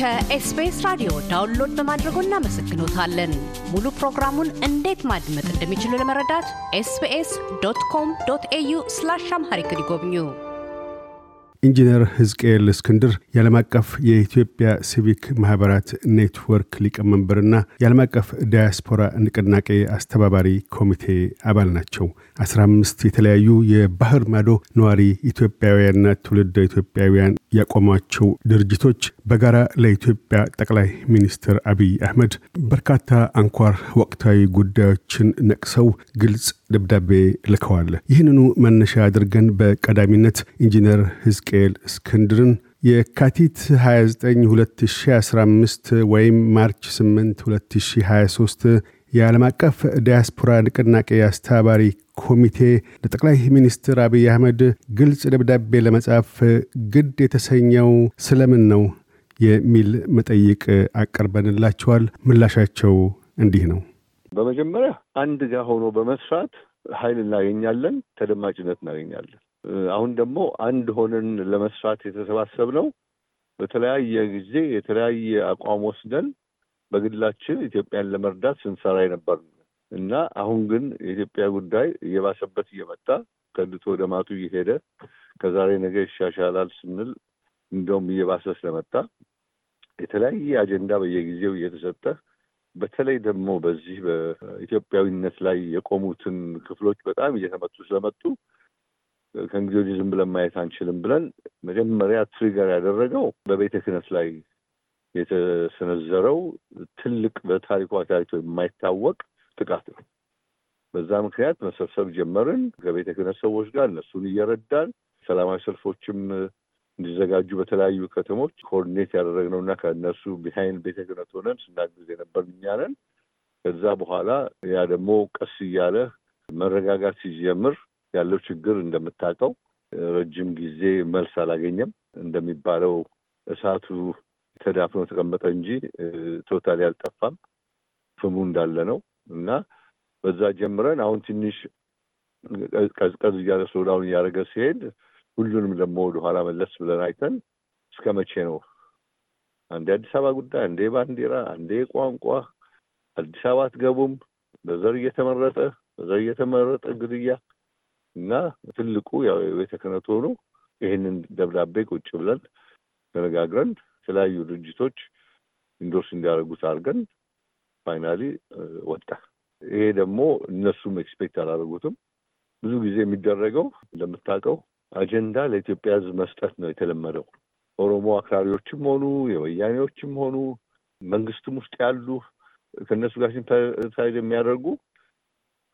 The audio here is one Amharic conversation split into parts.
ከኤስቢኤስ ራዲዮ ዳውንሎድ በማድረጎ እናመሰግኖታለን። ሙሉ ፕሮግራሙን እንዴት ማድመጥ እንደሚችሉ ለመረዳት ኤስቢኤስ ዶት ኮም ዶት ኤዩ ስላሽ አምሃሪክ ይጎብኙ። ኢንጂነር ሕዝቅኤል እስክንድር የዓለም አቀፍ የኢትዮጵያ ሲቪክ ማኅበራት ኔትወርክ ሊቀመንበርና የዓለም አቀፍ ዳያስፖራ ንቅናቄ አስተባባሪ ኮሚቴ አባል ናቸው። አስራ አምስት የተለያዩ የባህር ማዶ ነዋሪ ኢትዮጵያውያንና ትውልደ ኢትዮጵያውያን ያቆሟቸው ድርጅቶች በጋራ ለኢትዮጵያ ጠቅላይ ሚኒስትር አብይ አህመድ በርካታ አንኳር ወቅታዊ ጉዳዮችን ነቅሰው ግልጽ ደብዳቤ ልከዋል። ይህንኑ መነሻ አድርገን በቀዳሚነት ኢንጂነር ህዝቅኤል እስክንድርን የካቲት 29 2015 ወይም ማርች 8 2023 የዓለም አቀፍ ዲያስፖራ ንቅናቄ አስተባባሪ ኮሚቴ ለጠቅላይ ሚኒስትር አብይ አህመድ ግልጽ ደብዳቤ ለመጻፍ ግድ የተሰኘው ስለምን ነው? የሚል መጠይቅ አቀርበንላቸዋል። ምላሻቸው እንዲህ ነው። በመጀመሪያ አንድ ጋር ሆኖ በመስራት ኃይል እናገኛለን፣ ተደማጭነት እናገኛለን። አሁን ደግሞ አንድ ሆነን ለመስራት የተሰባሰብነው በተለያየ ጊዜ የተለያየ አቋም ወስደን በግላችን ኢትዮጵያን ለመርዳት ስንሰራ የነበር እና አሁን ግን የኢትዮጵያ ጉዳይ እየባሰበት እየመጣ ከድቶ ወደ ማቱ እየሄደ ከዛሬ ነገ ይሻሻላል ስንል እንደውም እየባሰ ስለመጣ የተለያየ አጀንዳ በየጊዜው እየተሰጠ በተለይ ደግሞ በዚህ በኢትዮጵያዊነት ላይ የቆሙትን ክፍሎች በጣም እየተመቱ ስለመጡ ከእንግዲህ ወዲህ ዝም ብለን ማየት አንችልም ብለን መጀመሪያ ትሪገር ያደረገው በቤተ ክህነት ላይ የተሰነዘረው ትልቅ በታሪኳ ታሪቶ የማይታወቅ ጥቃት ነው። በዛ ምክንያት መሰብሰብ ጀመርን። ከቤተ ክህነት ሰዎች ጋር እነሱን እየረዳን ሰላማዊ ሰልፎችም እንዲዘጋጁ በተለያዩ ከተሞች ኮኦርዲኔት እና ከእነሱ ቢሃይንድ ቤተ ክህነት ሆነን ስናግዝ የነበር እኛ ነን። ከዛ በኋላ ያ ደግሞ ቀስ እያለ መረጋጋት ሲጀምር ያለው ችግር እንደምታውቀው ረጅም ጊዜ መልስ አላገኘም። እንደሚባለው እሳቱ ተዳፍኖ ተቀመጠ እንጂ ቶታል ያልጠፋም ፍሙ እንዳለ ነው እና በዛ ጀምረን አሁን ትንሽ ቀዝቀዝ እያለ ሶዳውን እያደረገ ሲሄድ ሁሉንም ደግሞ ወደኋላ መለስ ብለን አይተን እስከ መቼ ነው አንዴ አዲስ አበባ ጉዳይ፣ አንዴ ባንዲራ፣ አንዴ ቋንቋ፣ አዲስ አበባ አትገቡም፣ በዘር እየተመረጠ በዘር እየተመረጠ ግድያ እና ትልቁ ያው የቤተ ክህነት ሆኖ ይህንን ደብዳቤ ቁጭ ብለን ተነጋግረን የተለያዩ ድርጅቶች ኢንዶርስ እንዲያደርጉት አድርገን ፋይናሊ ወጣ። ይሄ ደግሞ እነሱም ኤክስፔክት አላደረጉትም። ብዙ ጊዜ የሚደረገው እንደምታውቀው አጀንዳ ለኢትዮጵያ ሕዝብ መስጠት ነው የተለመደው። ኦሮሞ አክራሪዎችም ሆኑ የወያኔዎችም ሆኑ መንግስትም ውስጥ ያሉ ከእነሱ ጋር ሲምፓታይዝ የሚያደርጉ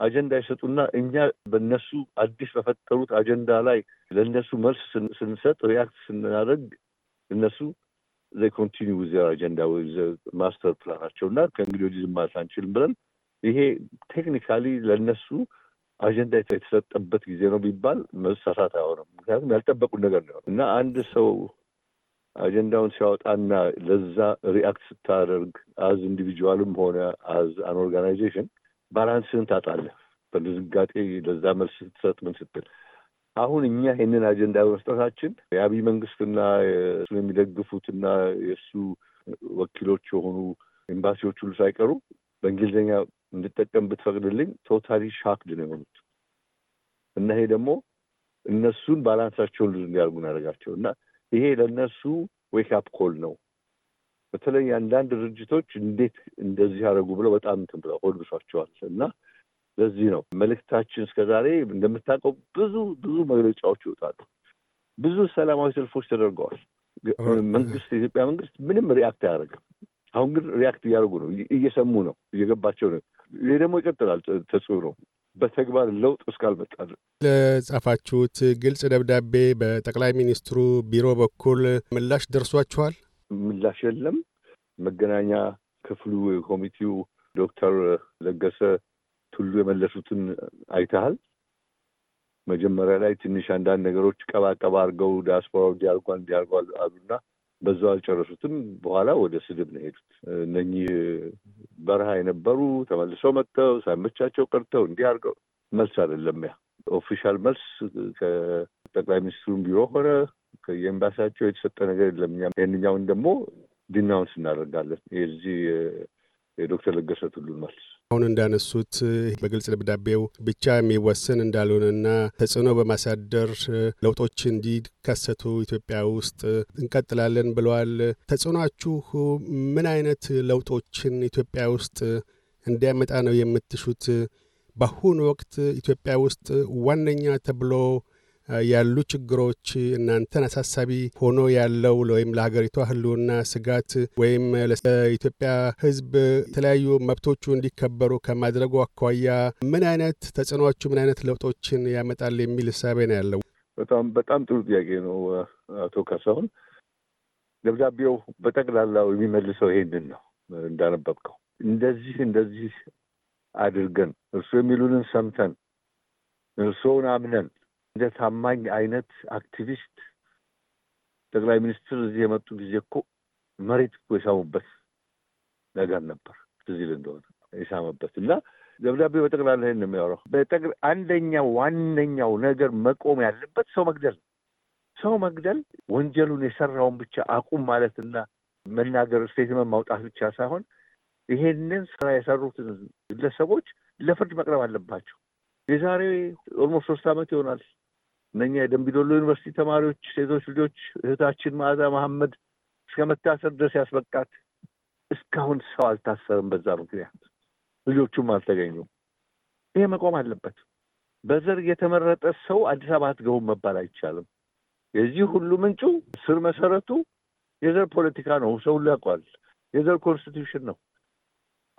አጀንዳ ይሰጡና እኛ በነሱ አዲስ በፈጠሩት አጀንዳ ላይ ለእነሱ መልስ ስንሰጥ ሪያክት ስናደርግ እነሱ ኮንቲኒ ኮንቲኒው አጀንዳ ወይ ማስተር ፕላናቸው እና ከእንግዲህ ወዲህ ዝም ማለት አንችልም ብለን ይሄ ቴክኒካሊ ለእነሱ አጀንዳ የተሰጠበት ጊዜ ነው ቢባል መሳሳት አይሆንም። ምክንያቱም ያልጠበቁን ነገር ነው እና አንድ ሰው አጀንዳውን ሲያወጣና ለዛ ሪአክት ስታደርግ አዝ ኢንዲቪጁዋልም ሆነ አዝ አን ኦርጋናይዜሽን ባላንስን ታጣለህ። በድንጋጤ ለዛ መልስ ስትሰጥ ምን ስትል አሁን እኛ ይህንን አጀንዳ በመስጠታችን የአብይ መንግስትና እሱን የሚደግፉትና የእሱ ወኪሎች የሆኑ ኤምባሲዎች ሁሉ ሳይቀሩ በእንግሊዝኛ እንድጠቀም ብትፈቅድልኝ ቶታሊ ሻክድ ነው የሆኑት እና ይሄ ደግሞ እነሱን ባላንሳቸውን ልዝ እንዲያርጉ እናደርጋቸው እና ይሄ ለእነሱ ዌክ አፕ ኮል ነው። በተለይ አንዳንድ ድርጅቶች እንዴት እንደዚህ ያደረጉ ብለው በጣም ትን ብለው ሆድ ብሷቸዋል እና ለዚህ ነው መልእክታችን እስከዛሬ እንደምታውቀው ብዙ ብዙ መግለጫዎች ይወጣሉ። ብዙ ሰላማዊ ሰልፎች ተደርገዋል። መንግስት የኢትዮጵያ መንግስት ምንም ሪአክት አያደርግም። አሁን ግን ሪያክት እያደረጉ ነው፣ እየሰሙ ነው፣ እየገባቸው ነው። ይህ ደግሞ ይቀጥላል ተጽዕኖ በተግባር ለውጥ እስካልመጣ ለጻፋችሁት ግልጽ ደብዳቤ በጠቅላይ ሚኒስትሩ ቢሮ በኩል ምላሽ ደርሷችኋል? ምላሽ የለም። መገናኛ ክፍሉ ኮሚቴው ዶክተር ለገሰ ቱሉ የመለሱትን አይተሃል? መጀመሪያ ላይ ትንሽ አንዳንድ ነገሮች ቀባቀባ አድርገው ዲያስፖራ እንዲያርጓል እንዲያርጓል አሉና በዛ አልጨረሱትም። በኋላ ወደ ስድብ ነው ሄዱት። እነኚህ በረሃ የነበሩ ተመልሰው መጥተው ሳይመቻቸው ቀርተው እንዲህ አድርገው መልስ አይደለም ያ ኦፊሻል መልስ ከጠቅላይ ሚኒስትሩም ቢሮ ሆነ ከየኤምባሲያቸው የተሰጠ ነገር የለም። ይህንኛውን ደግሞ ዲናውንስ እናደርጋለን የዚህ የዶክተር ለገሰ ቱሉን መልስ አሁን እንዳነሱት በግልጽ ደብዳቤው ብቻ የሚወሰን እንዳልሆነና ተጽዕኖ በማሳደር ለውጦች እንዲከሰቱ ኢትዮጵያ ውስጥ እንቀጥላለን ብለዋል። ተጽዕኗችሁ ምን አይነት ለውጦችን ኢትዮጵያ ውስጥ እንዲያመጣ ነው የምትሹት? በአሁኑ ወቅት ኢትዮጵያ ውስጥ ዋነኛ ተብሎ ያሉ ችግሮች እናንተን አሳሳቢ ሆኖ ያለው ወይም ለሀገሪቷ ህልውና ስጋት ወይም ለኢትዮጵያ ህዝብ የተለያዩ መብቶቹ እንዲከበሩ ከማድረጉ አኳያ ምን አይነት ተጽዕኖዎቹ ምን አይነት ለውጦችን ያመጣል የሚል እሳቤ ነው ያለው? በጣም በጣም ጥሩ ጥያቄ ነው አቶ ካሳሁን። ደብዳቤው በጠቅላላው የሚመልሰው ይሄንን ነው እንዳነበብከው እንደዚህ እንደዚህ አድርገን እርሱ የሚሉንን ሰምተን እርሱን አምነን እንደ ታማኝ አይነት አክቲቪስት ጠቅላይ ሚኒስትር እዚህ የመጡ ጊዜ እኮ መሬት እኮ የሳሙበት ነገር ነበር ትዝ ይል እንደሆነ የሳመበት እና ደብዳቤ በጠቅላላ ይህን ነው የሚያወራው። አንደኛው ዋነኛው ነገር መቆም ያለበት ሰው መግደል ነው። ሰው መግደል ወንጀሉን የሰራውን ብቻ አቁም ማለትና መናገር ስቴትመንት ማውጣት ብቻ ሳይሆን ይሄንን ስራ የሰሩትን ግለሰቦች ለፍርድ መቅረብ አለባቸው። የዛሬ ኦልሞስት ሶስት ዓመት ይሆናል እነኛ የደምቢዶሎ ዩኒቨርሲቲ ተማሪዎች ሴቶች ልጆች እህታችን መዓዛ መሐመድ እስከ መታሰር ድረስ ያስበቃት እስካሁን ሰው አልታሰርም። በዛ ምክንያት ልጆቹም አልተገኙም። ይሄ መቆም አለበት። በዘር የተመረጠ ሰው አዲስ አበባ አትገቡም መባል አይቻልም። የዚህ ሁሉ ምንጩ ስር መሰረቱ የዘር ፖለቲካ ነው። ሰው ሁሉ የዘር ኮንስቲቱሽን ነው።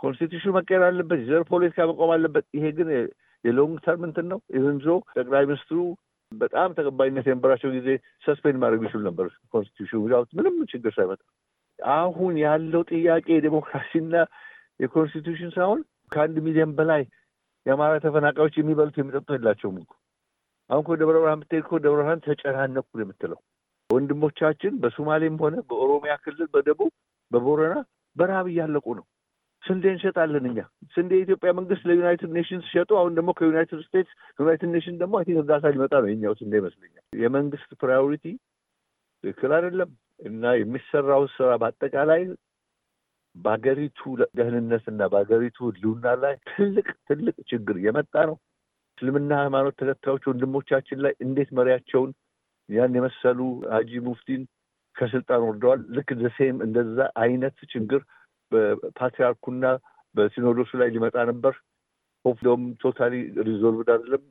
ኮንስቲቱሽን መቀየር አለበት። የዘር ፖለቲካ መቆም አለበት። ይሄ ግን የሎንግ ተርም እንትን ነው። ይህን ጠቅላይ ሚኒስትሩ በጣም ተቀባይነት የነበራቸው ጊዜ ሰስፔንድ ማድረግ ይችሉ ነበር ኮንስቲቱሽን ምንም ችግር ሳይመጣ። አሁን ያለው ጥያቄ የዴሞክራሲና የኮንስቲቱሽን ሳይሆን ከአንድ ሚሊዮን በላይ የአማራ ተፈናቃዮች የሚበሉት የሚጠጡ የላቸውም እኮ። አሁን ደብረ ብርሃን ብትሄድ እኮ ደብረ ብርሃን ተጨናነኩ የምትለው ወንድሞቻችን በሶማሌም ሆነ በኦሮሚያ ክልል በደቡብ በቦረና በረሃብ እያለቁ ነው። ስንዴ እንሸጣለን። እኛ ስንዴ የኢትዮጵያ መንግስት ለዩናይትድ ኔሽንስ ሸጡ። አሁን ደግሞ ከዩናይትድ ስቴትስ ዩናይትድ ኔሽን ደግሞ አይ ቲንክ እርዳታ ሊመጣ ነው የኛው ስንዴ ይመስለኛል። የመንግስት ፕራዮሪቲ ትክክል አይደለም እና የሚሰራው ስራ በአጠቃላይ በሀገሪቱ ደህንነት እና በሀገሪቱ ህልውና ላይ ትልቅ ትልቅ ችግር የመጣ ነው። እስልምና ሃይማኖት ተከታዮች ወንድሞቻችን ላይ እንዴት መሪያቸውን ያን የመሰሉ ሀጂ ሙፍቲን ከስልጣን ወርደዋል። ልክ ዘሴም እንደዛ አይነት ችግር በፓትሪያርኩና በሲኖዶሱ ላይ ሊመጣ ነበር። ሆፍም ቶታሊ ሪዞልቭ አይደለም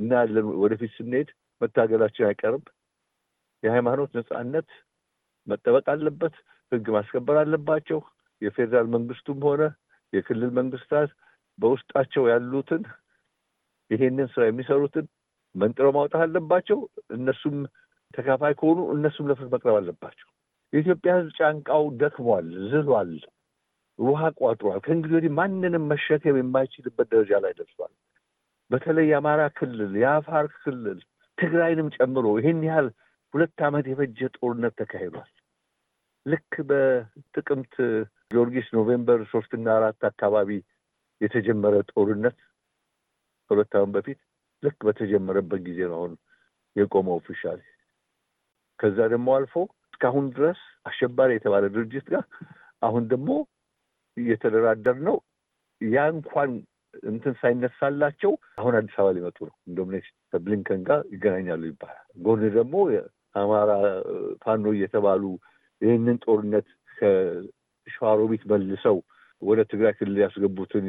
እና ያለን ወደፊት ስንሄድ መታገላችን አይቀርም። የሃይማኖት ነፃነት መጠበቅ አለበት። ህግ ማስከበር አለባቸው። የፌዴራል መንግስቱም ሆነ የክልል መንግስታት በውስጣቸው ያሉትን ይሄንን ስራ የሚሰሩትን መንጥሮ ማውጣት አለባቸው። እነሱም ተካፋይ ከሆኑ እነሱም ለፍርድ መቅረብ አለባቸው። የኢትዮጵያ ህዝብ ጫንቃው ደክሟል፣ ዝሏል። ውሃ ቋጥሯል። ከእንግዲህ ወዲህ ማንንም መሸከም የማይችልበት ደረጃ ላይ ደርሷል። በተለይ የአማራ ክልል፣ የአፋር ክልል ትግራይንም ጨምሮ ይህን ያህል ሁለት ዓመት የፈጀ ጦርነት ተካሂዷል። ልክ በጥቅምት ጊዮርጊስ ኖቬምበር ሶስትና አራት አካባቢ የተጀመረ ጦርነት ከሁለት ዓመት በፊት ልክ በተጀመረበት ጊዜ ነው አሁን የቆመው ኦፊሻል። ከዛ ደግሞ አልፎ እስካሁን ድረስ አሸባሪ የተባለ ድርጅት ጋር አሁን ደግሞ እየተደራደር ነው። ያ እንኳን እንትን ሳይነሳላቸው አሁን አዲስ አበባ ሊመጡ ነው። እንደምን ከብሊንከን ጋር ይገናኛሉ ይባላል። ጎን ደግሞ አማራ ፋኖ እየተባሉ ይህንን ጦርነት ከሸዋሮቢት መልሰው ወደ ትግራይ ክልል ያስገቡትን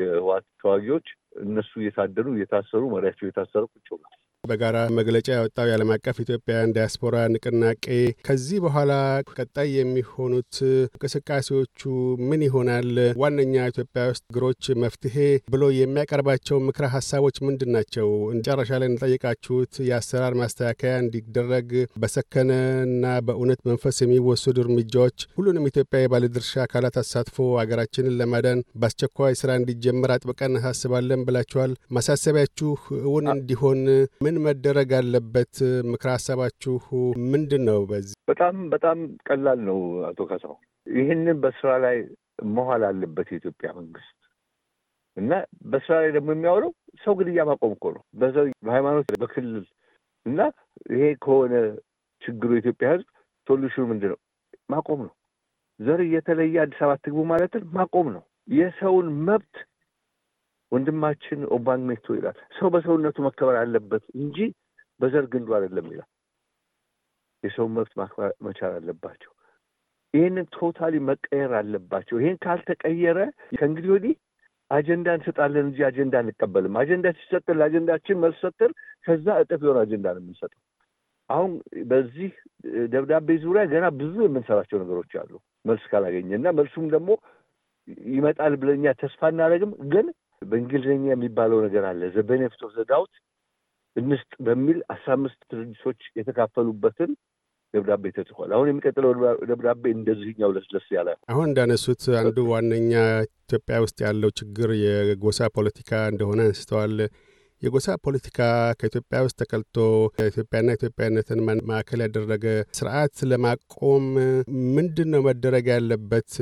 የህወሓት ተዋጊዎች እነሱ እየታደኑ እየታሰሩ መሪያቸው እየታሰረ ቁጭ ብሏል። በጋራ መግለጫ ያወጣው የዓለም አቀፍ ኢትዮጵያውያን ዲያስፖራ ንቅናቄ ከዚህ በኋላ ቀጣይ የሚሆኑት እንቅስቃሴዎቹ ምን ይሆናል? ዋነኛ ኢትዮጵያ ውስጥ እግሮች መፍትሄ ብሎ የሚያቀርባቸው ምክረ ሀሳቦች ምንድን ናቸው? መጨረሻ ላይ እንጠይቃችሁት የአሰራር ማስተካከያ እንዲደረግ በሰከነ እና በእውነት መንፈስ የሚወሰዱ እርምጃዎች ሁሉንም ኢትዮጵያ የባለድርሻ አካላት አሳትፎ አገራችንን ለማዳን በአስቸኳይ ስራ እንዲጀምር አጥብቀን እናሳስባለን ብላችኋል። ማሳሰቢያችሁ እውን እንዲሆን ምን ምን መደረግ አለበት? ምክር ሀሳባችሁ ምንድን ነው? በዚህ በጣም በጣም ቀላል ነው አቶ ከሳው ይህንን በስራ ላይ መዋል አለበት የኢትዮጵያ መንግስት እና በስራ ላይ ደግሞ የሚያውለው ሰው ግድያ ማቆም እኮ ነው። በሰው በሃይማኖት፣ በክልል እና ይሄ ከሆነ ችግሩ የኢትዮጵያ ህዝብ ሶሉሽኑ ምንድን ነው? ማቆም ነው። ዘር እየተለየ አዲስ አበባ ትግቡ ማለትን ማቆም ነው። የሰውን መብት ወንድማችን ኦባንግ ሜቶ ይላል። ሰው በሰውነቱ መከበር አለበት እንጂ በዘር ግንዱ አይደለም ይላል። የሰው መብት ማክበር መቻል አለባቸው። ይህንን ቶታሊ መቀየር አለባቸው። ይህን ካልተቀየረ ከእንግዲህ ወዲህ አጀንዳ እንሰጣለን እንጂ አጀንዳ አንቀበልም። አጀንዳ ሲሰጥን ለአጀንዳችን መልስ ሰጥን፣ ከዛ እጥፍ የሆነ አጀንዳ ነው የምንሰጠው። አሁን በዚህ ደብዳቤ ዙሪያ ገና ብዙ የምንሰራቸው ነገሮች አሉ መልስ ካላገኘ እና መልሱም ደግሞ ይመጣል ብለኛ ተስፋ እናደረግም ግን በእንግሊዝኛ የሚባለው ነገር አለ ዘ ቤኔፊት ኦፍ ዘ ዳውት እንስጥ በሚል አስራ አምስት ድርጅቶች የተካፈሉበትን ደብዳቤ ተጽፏል። አሁን የሚቀጥለው ደብዳቤ እንደዚህኛው ለስለስ ያለ አሁን እንዳነሱት አንዱ ዋነኛ ኢትዮጵያ ውስጥ ያለው ችግር የጎሳ ፖለቲካ እንደሆነ አንስተዋል። የጎሳ ፖለቲካ ከኢትዮጵያ ውስጥ ተከልቶ ኢትዮጵያና ኢትዮጵያነትን ማዕከል ያደረገ ስርዓት ለማቆም ምንድን ነው መደረግ ያለበት?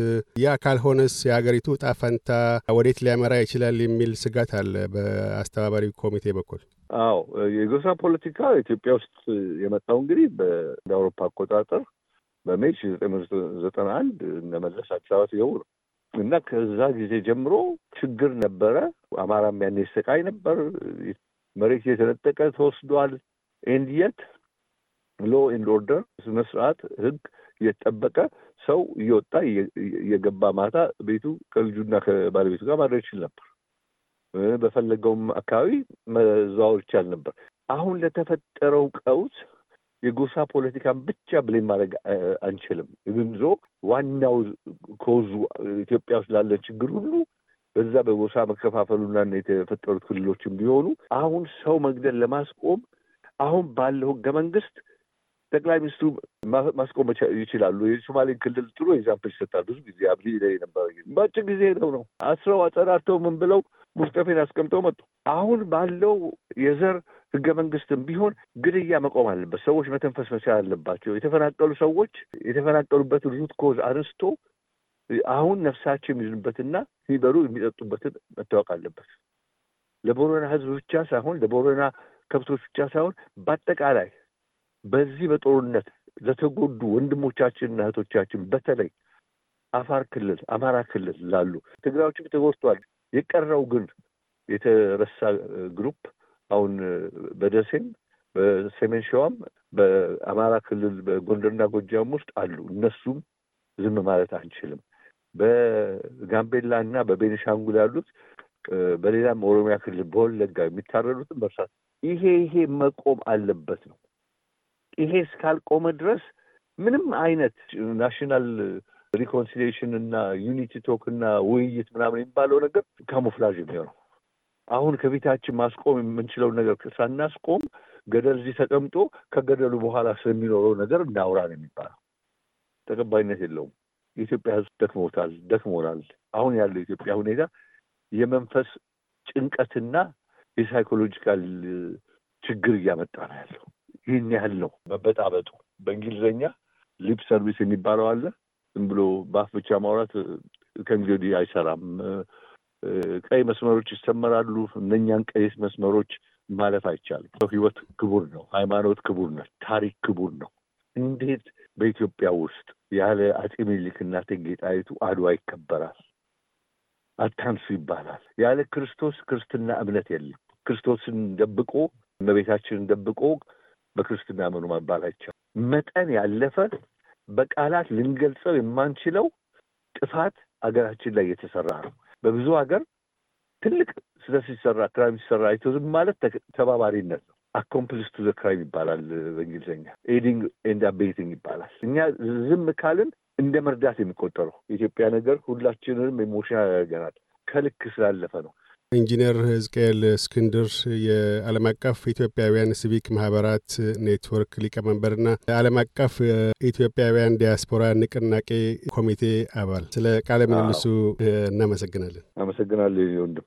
ያ ካልሆነስ የሀገሪቱ ዕጣ ፈንታ ወዴት ሊያመራ ይችላል የሚል ስጋት አለ በአስተባባሪ ኮሚቴ በኩል። አዎ የጎሳ ፖለቲካ ኢትዮጵያ ውስጥ የመጣው እንግዲህ እንደ አውሮፓ አቆጣጠር በሜይ ሺህ ዘጠኝ መቶ ዘጠና አንድ እነ መለስ አዲስ አበባ ሲገቡ ነው እና ከዛ ጊዜ ጀምሮ ችግር ነበረ። አማራም ያን ይሰቃይ ነበር። መሬት የተነጠቀ ተወስዷል። ኤንድ ሎ ኤንድ ኦርደር ስነ ስርዓት ህግ እየተጠበቀ ሰው እየወጣ እየገባ ማታ ቤቱ ከልጁና ከባለቤቱ ጋር ማድረግ ይችል ነበር። በፈለገውም አካባቢ መዘዋወር ይቻል ነበር። አሁን ለተፈጠረው ቀውስ የጎሳ ፖለቲካን ብቻ ብሌም ማድረግ አንችልም። ግን ዋናው ኮዙ ኢትዮጵያ ውስጥ ላለ ችግር ሁሉ በዛ በጎሳ መከፋፈሉና የተፈጠሩት ክልሎችም ቢሆኑ አሁን ሰው መግደል ለማስቆም አሁን ባለው ህገ መንግስት ጠቅላይ ሚኒስትሩ ማስቆም ይችላሉ። የሶማሌን ክልል ጥሩ ኤግዛምፕል ይሰጣል። ብዙ ጊዜ አብዲ ላይ ነበረ። በአጭር ጊዜ ሄደው ነው አስረው አጸዳርተው ምን ብለው ሙስጠፌን አስቀምጠው መጡ። አሁን ባለው የዘር ህገ መንግስትም ቢሆን ግድያ መቆም አለበት። ሰዎች መተንፈስ መቻል አለባቸው። የተፈናቀሉ ሰዎች የተፈናቀሉበትን ሩት ኮዝ አንስቶ አሁን ነፍሳቸው የሚዝኑበትና የሚበሉ የሚጠጡበትን መታወቅ አለበት። ለቦረና ህዝብ ብቻ ሳይሆን ለቦረና ከብቶች ብቻ ሳይሆን በአጠቃላይ በዚህ በጦርነት ለተጎዱ ወንድሞቻችንና እህቶቻችን በተለይ አፋር ክልል፣ አማራ ክልል ላሉ ትግራዮችም ተጎድቷል። የቀረው ግን የተረሳ ግሩፕ አሁን በደሴም በሰሜን ሸዋም በአማራ ክልል በጎንደርና ጎጃም ውስጥ አሉ። እነሱም ዝም ማለት አንችልም። በጋምቤላ እና በቤኒሻንጉል ያሉት በሌላም ኦሮሚያ ክልል በወለጋ የሚታረዱትን በእርሳት ይሄ ይሄ መቆም አለበት ነው። ይሄ እስካልቆመ ድረስ ምንም አይነት ናሽናል ሪኮንሲሊሽን እና ዩኒቲ ቶክ እና ውይይት ምናምን የሚባለው ነገር ካሙፍላዥ የሚሆነው አሁን ከቤታችን ማስቆም የምንችለውን ነገር ሳናስቆም ገደል እዚህ ተቀምጦ ከገደሉ በኋላ ስለሚኖረው ነገር እናውራ ነው የሚባለው። ተቀባይነት የለውም። የኢትዮጵያ ሕዝብ ደክሞታል፣ ደክሞናል። አሁን ያለው የኢትዮጵያ ሁኔታ የመንፈስ ጭንቀትና የሳይኮሎጂካል ችግር እያመጣ ነው ያለው። ይህን ያህል ነው መበጣበጡ። በእንግሊዝኛ ሊፕ ሰርቪስ የሚባለው አለ። ዝም ብሎ በአፍ ብቻ ማውራት ከእንግዲህ ወዲህ አይሰራም። ቀይ መስመሮች ይሰመራሉ። እነኛን ቀይ መስመሮች ማለፍ አይቻልም። ሕይወት ክቡር ነው። ሃይማኖት ክቡር ነው። ታሪክ ክቡር ነው። እንዴት በኢትዮጵያ ውስጥ ያለ አጼ ምኒልክና እቴጌ ጣይቱ አድዋ ይከበራል፣ አታንሱ ይባላል። ያለ ክርስቶስ ክርስትና እምነት የለም። ክርስቶስን ደብቆ እመቤታችንን ደብቆ በክርስትና መኑ መባላቸው መጠን ያለፈ በቃላት ልንገልጸው የማንችለው ጥፋት አገራችን ላይ የተሰራ ነው። በብዙ ሀገር ትልቅ ስህተት ሲሰራ ክራይም ሲሰራ አይቶ ዝም ማለት ተባባሪነት ነው። አኮምፕሊስ ቱ ዘ ክራይም ይባላል በእንግሊዝኛ ኤዲንግ ኤንድ አቤቲንግ ይባላል። እኛ ዝም ካልን እንደ መርዳት የሚቆጠረው የኢትዮጵያ ነገር ሁላችንንም ኢሞሽናል ያደርገናል። ከልክ ስላለፈ ነው። ኢንጂነር ሕዝቅኤል እስክንድር የዓለም አቀፍ ኢትዮጵያውያን ሲቪክ ማህበራት ኔትወርክ ሊቀመንበርና የዓለም አቀፍ ኢትዮጵያውያን ዲያስፖራ ንቅናቄ ኮሚቴ አባል፣ ስለ ቃለ ምልልሱ እናመሰግናለን። አመሰግናለሁ ወንድም።